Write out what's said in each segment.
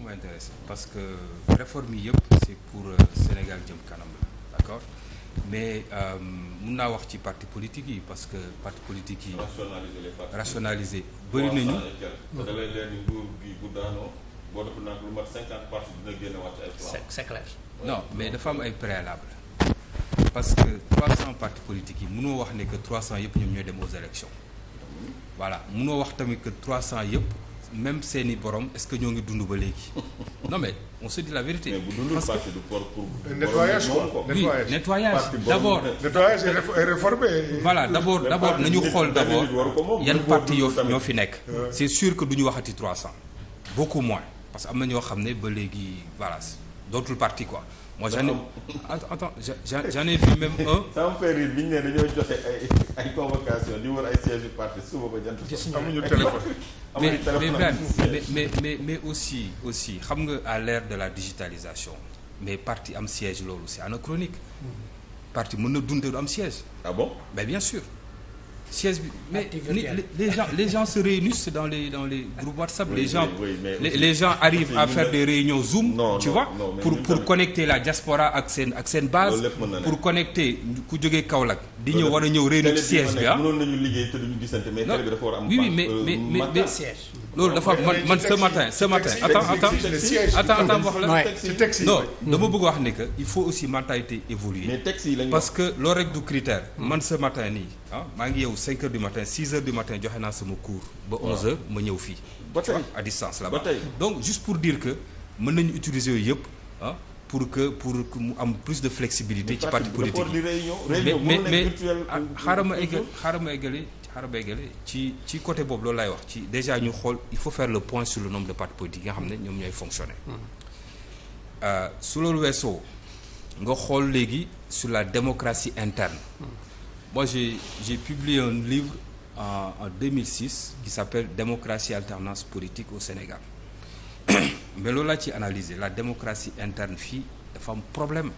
beaucoup m'intéresse parce que réforme yi yëpp c'est pour euh, Sénégal jëm kanam la d'accord mais euh, mun naa wax ci parti politique yi parce que parti politique yi. rationaliser les partis rationaliser bu daanoo boo def nag lu mais dafa am ay préalable parce que trois cent partis politiques yi mënoo wax ne que trois cent yëpp ñoom ñooy dem aux élections voilà mënoo wax tamit que trois cent yëpp. même seeni borom est-ce que ñoo ngi dund ba léegi non mais on se dit la vérité. mais bu dundul parti du pour pour. nettoyage quoi oui nettoyage d'abord. nettoyage et réformer. voilà d'abord d'abord nañu xool d'abord yan parti yoo ñoo fi nekk. Euh. c'est sûr que du ñu waxati 300. beaucoup moins parce que am na ñoo xam ne ba léegi voilà. d'autres partis quoi. moi j'en ai attends j'en ai vu même un. sama frère yi bi ñu ne dañoo joxe ay ay convocation di wër ay sièges parti suba ba jant. gis amuñu téléphone amuñu téléphone mais mais mais aussi aussi xam nga à l'ère de la digitalisation mais parti am siège loolu c'est anachronique. Mm-hmm. parti mën na dund du am siège. ah bon mais bien sûr. siège bi mais les, les gens les gens se réunissent dans les dans les groupes WhatsApp. Oui, les gens oui, oui, arrivent à faire des réunions Zoom. Non, tu pour connecter la diaspora ak seen ak seen base. pour connecter ku jógee Kaolack. di ñëw war a ñëw réunion siège bi ah. mënoon nañu mais télé bi dafa war mais euh, mais mais loolu dafa man man ce matin ce matin attends attends attends attends wax la non dama bëgg wax ni que il faut aussi mentalité évoluer parce que loolu rek du critère hmm. man ce matin nii ah, maa ngi yow 5 heures du matin 6 heures du matin joxe naa sama cours ba 11 heures ma ñëw fii à distance ba bas donc juste pour dire que mën nañu utiliser yooyu yëpp ah pour que pour que mu am plus de flexibilité ci parti politique mais mais ah, xaaral ma egg xaaral ma eggale xaaral béygale ci ci côté boobu loolu laay wax ci déjà ñu xool il faut faire le point sur le nombre de partis politiques yi nga xam ne ñoom ñooy fonctionner hmm. euh, su loolu weesoo nga xool léegi sur la démocratie interne hmm. moi j'ai publier publié un livre en en 2006 qui s'appelle démocratie alternance politique au Sénégal mais loolu laa ci analyser la démocratie interne fii dafa am problème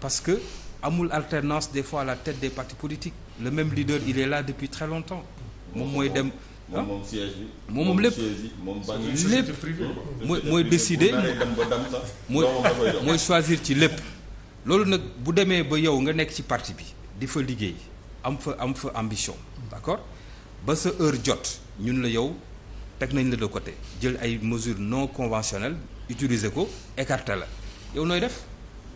parce que amul alternance des fois à la tête des partis politiques le même leader il est là depuis très longtemps moom mooy dem moom ah, moom siège bi moom lépp lépp mooy mooy décider mooy mooy choisir ci lépp loolu nag bu demee ba yow nga nekk ci parti bi di fa liggéey am fa am fa ambition d'accord ba sa heure jot ñun la yow teg nañ la de côté jël ay mesures non conventionnelles utiliser ko écarter la yow nooy def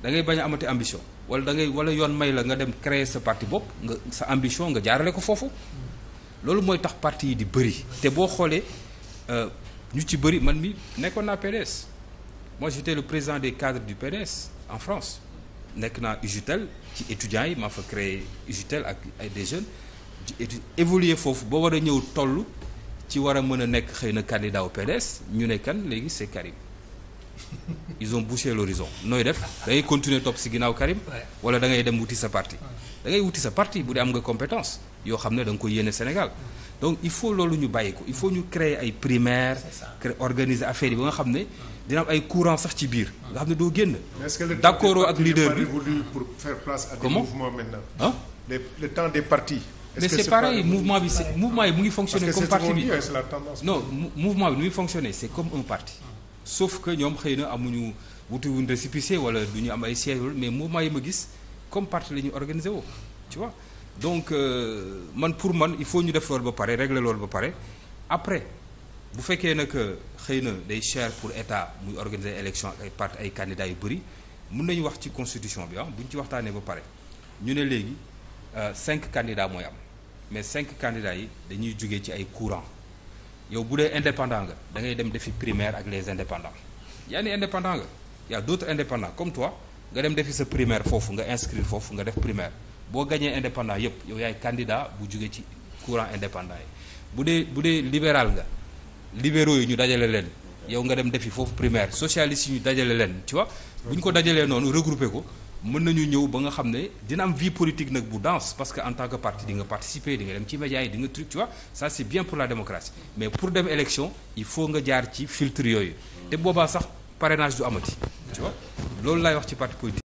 da ngay bañ a amati ambition wala da ngay wala yoon may la nga dem créer sa parti bopp nga sa ambition nga jaarale ko foofu loolu mooy tax parti yi di bëri te boo xoolee euh, ñu ci bëri man mi nekkoon naa PDS moi j'étais le président des cadres du PDS en France nekk naa UGTEL ci étudiants yi maa fa créé UGTEL ak ay des jeunes évoluer foofu boo war a ñëw toll ci war a mën a nekk xëy na candidat au PDS ñu ne kan léegi c'est Karim ils ont bouché l'horizon nooy def da ngay continuer topp si ginnaaw Karim wala da ngay dem wuti sa parti da wuti sa parti bu dee am nga compétence yoo xam ne danga ko yéene Sénégal donc il faut loolu ñu bàyyi ko il faut ñu créer ay primaires organiser affaires yi ba nga xam ne dina am ay courant sax ci biir nga xam ne doo génn d'accord ak leader bi pour ah mais c'est pareil mouvement bi mouvement yi mu ngi fonctionner comme parti bi non mouvement bi nu parti sauf que ñoom xëy na amuñu wutiwuñ récépissé wala du ñu am ay siège mais mouvement yi ma gis comme parti la ñu organisé woo tu vois donc euh, man pour man il faut ñu def loolu ba pare régler loolu ba pare après bu fekkee nag que xëy na day cher pour état muy organiser élection ay parti ay candidats yu bëri mun nañu wax ci constitution bi ah bu ci waxtaanee ba pare ñu ne léegi euh, cinq candidats mooy am mais cinq candidats yi dañuy jógee ci ay courants yow bu dee indépendant nga da ngay dem defi primaire ak les indépendants yaa ni indépendant nga y a d'autres indépendants comme toi nga dem defi sa primaire foofu nga inscrire foofu nga def primaire boo gañee indépendant yépp yow yaay candidat bu jógee ci courant indépendant yi bu dee bu dee libéral nga libéro yi ñu dajale leen yow nga dem defi foofu primaire socialiste yi ñu dajale leen ci vois bu ñu ko dajalee noonu regrouper ko mën nañu ñëw ba nga xam ne dina am vie politique nag bu dense parce que en tant que parti di nga participer di nga dem ci médias yi di nga truc tu vois ça c'est bien pour la démocratie mais pour dem élection il faut nga jaar ci filtre yooyu te boobaa sax parrainage du amati tu loolu laay wax ci parti politique